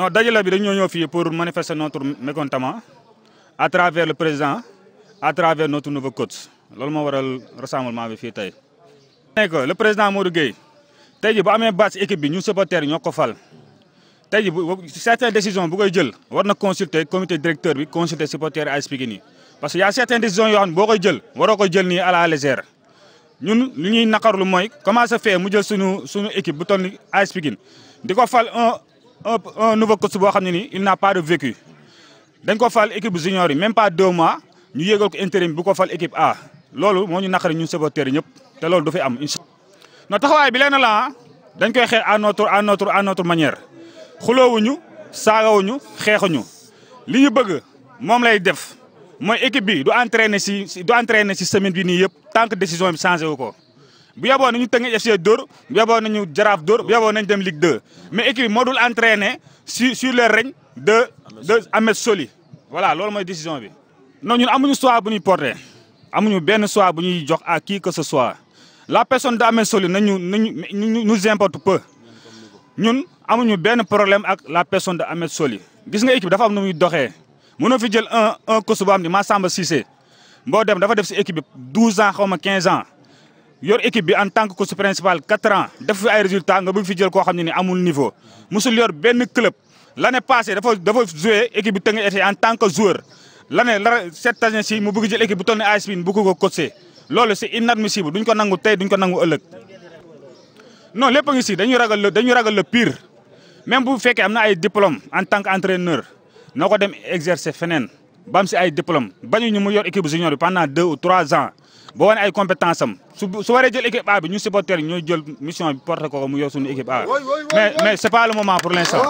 non dajale bi dañoo ñëw fii pour manifester notre mécontentement à travers le président à travers notre nouveau coach loolu moo waral rassemblement bi fii tey. nekk le président moo Modou Gueye tey ji bu amee base équipe bi ñu supporters ñoo ko fal tey ji bu certaines décisions bu koy jël war na consulter comité directeur bi consulter supporters AS Pikine yi parce que y' a certaines décisions yoo xam ne boo koy jël waroo koy jël nii à la légère ñun li ñuy naqarlu mooy comment ça mu jël suñu suñu équipe bu toll ni AS Pikine di ko fal un un nouveau coach boo xam ne nii il n'a pas de vécu dañ ko fal équipe junior yi même pas deux mois ñu yéegal ko intérim bu ko fal équipe A loolu moo ñu naqari ñu supporters yi ñëpp te loolu du fi am incha no taxawaay bi leen la ah. dañ koy xeex à notre à notre à notre manière xuloowuñu saagawuñu xeexuñu li ñu bëgg moom lay def mooy équipe bi du entraîner si du entraîner si semaine bi nii yëpp tant que décision bi changé wu ko. bu yeboo ñu Teungueth FC dóor bu yeboo nañu Jaraaf dóor bu yeboo nañ dem Ligue 2 mais équipe moo dul entraîné sur sur le règne de de Ahmed Soli voilà loolu mooy décision bi non ñun amuñu choix bu ñuy porté amuñu benn choix bu ñuy jox à kii que ce soit la personne de Ahmed Soli nañu nañu nous importe peu ñun amuñu benn problème ak la personne de Ahmed Soli gis nga équipe dafa am nu muy doxee mënoo fi jël un un coach bu am ni Massamba Cissé mboo dem dafa def si équipe bi 12 ans xaw ma 15 ans yor équipe bi en tant que coach principal quatre ans def fi ay résultats nga bëgg fi jël koo xam ne ni amul niveau. musul yor benn club l'année passée dafa dafa joué équipe bi Teungueth en tant que joueur l'année la cette année mu bëgg jël équipe bu toll ne AS Pikine bu ko ko coaché loolu c'est inadmissible duñ ko nangu tey duñ ko nangu ëllëg. non lépp a ngi ci dañuy ragal le dañuy ragal le même bu fekkee am na ay diplôme en tant que entraîneur noo ko dem exercer feneen ba am ci ay diplôme bañu ñu mu yor équipe boo wanee ay compétence am su su waree jël équipe A bi ñu supporter ñooy jël mission bi porté ko mu yor suñu équipe A mais mais c'est pas le moment pour l'instant.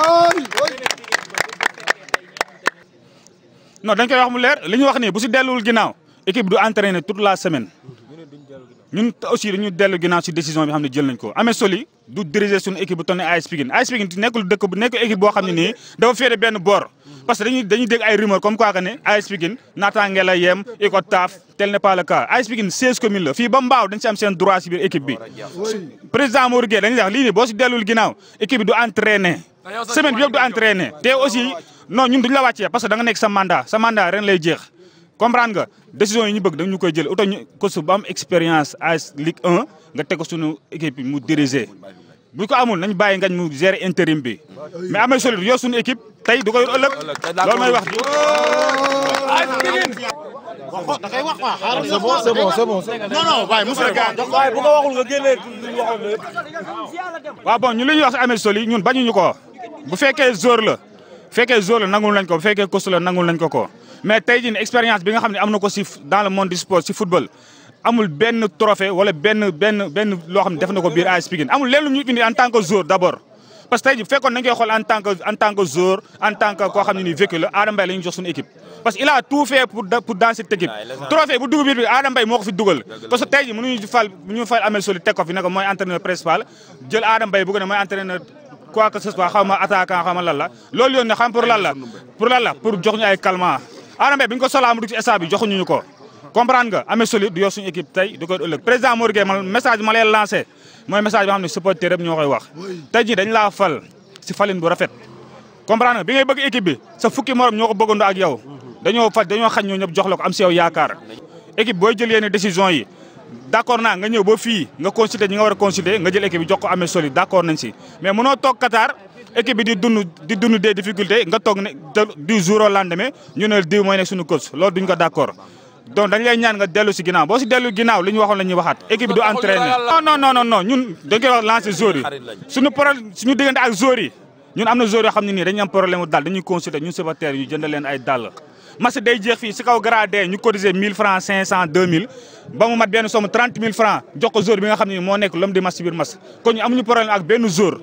non dañ koy wax mu leer li ñu wax nii bu si delluwul ginnaaw équipe du entraîner toute la semaine. ñun aussi dañu dellu ginnaaw si décision bi xam ne jël nañ ko Ameth Solly du diriger suñu équipe bu toll ne AS Pikine AS Pikine nekkul dëkk bu nekkul boo xam ne nii dafa féete benn boor parce que dañuy ay rumeur comme quoi que ne AS Pikine naataange la yem Icotaf tel n'est pas le cas AS Pikine 16 communes la fii ba Mbaaw dañ si am seen droit si biir équipe bi président Mour Gueye dañuy wax lii nii boo si dellul ginnaaw du entraîner semaine bi wàccee parce que da nga nekk sa mandat ren lay jeex comprendre nga décision yi ñu bëgg dañu koy jël oto ñu coach bu am expérience AS Ligue 1 nga teg ko suñu équipe mu diriger bu ko amul nañ bàyyi nga mu gérer intérim bi mais amee solide yor suñu équipe tey du ko yor ëllëg loolu mooy wax ji. da kay wax waaw xaaral c'est bon ñu bon c'est bon non non waaye monsieur ko ñu li ñuy wax ñun bañuñu ko bu fekkee jour la. fekkee joueur la nangul nañ ko bu fekkee coach la nangul nañ ko ko mais tey jii expérience bi nga xam ne am na ko si dans le monde sport si football amul benn trophée wala benn loo xam ne def ko biir AS Pikine amul leen lu ñu indi en tant que joueur d' abord parce que tey jii fekkoon nañ koy xam ne nii vécu la Adama Mbaye la ñu jox suñu équipe parce que pour dans cette équipe trophée bu dugg biir bi Adama Mbaye moo ko fi dugal parce que tey quoi que ce soit xaw a attaquant xaw a lan la loolu yoon ne xam pour lan la pour lan la ay calmant Adama ah Mbaye bi ñu ko solaa mu dugg ci ko comprendre nga amee solide du yor suñu équipe tey du ëllëg président Mor Gueye man message ma lay lancé mooy message bi xam ne supporter yëpp ñoo koy wax tey jii dañ laa fal si falin bu rafet comprendre nga bi ngay bëgg équipe bi fukki morom ñoo ko bëggandoo ak yow fal dañoo xañ ñoo ñëpp jox ko am si yow d'accord naa nga ñëw ba fii nga consulter ñi nga war a consulter nga jël équipe bi jox amee solide d'accord nañ si mais mënoo toog Qatar équipe di dund di dund des difficultés nga toog ne du jour au lendemain ñu ne diw mooy nekk suñu coach loolu duñ ko d'accord donc dañ lay ñaan nga dellu si ginnaaw boo si dellu ginnaaw li waxoon la waxaat équipe bi du entraîner non non non ñun dañ koy wax lancer joueurs yi suñu problème suñu diggante ak joueurs ñun am na joueurs xam nii dañuy u daal dañuy jënd leen ay dàll match day jeex fii si kaw gradé ñu cotiser 1000 francs 500 2000 ba mu mat benn somme 30 000 francs jox ko joueur bi nga xam ne moo nekk l'homme du match si biir match kon ñu amuñu ak benn joueur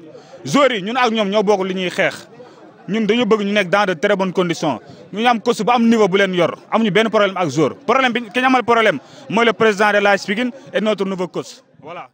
joueur ñun ak ñoom ñoo bokk li ñuy xeex ñun dañu bëgg ñu nekk dans de très bonnes conditions ñu am coach bu am niveau bu leen yor amuñu benn problème ak joueur problème bi ki ñu amal problème mooy le président de l'AS Pikine et notre nouveau coach voilà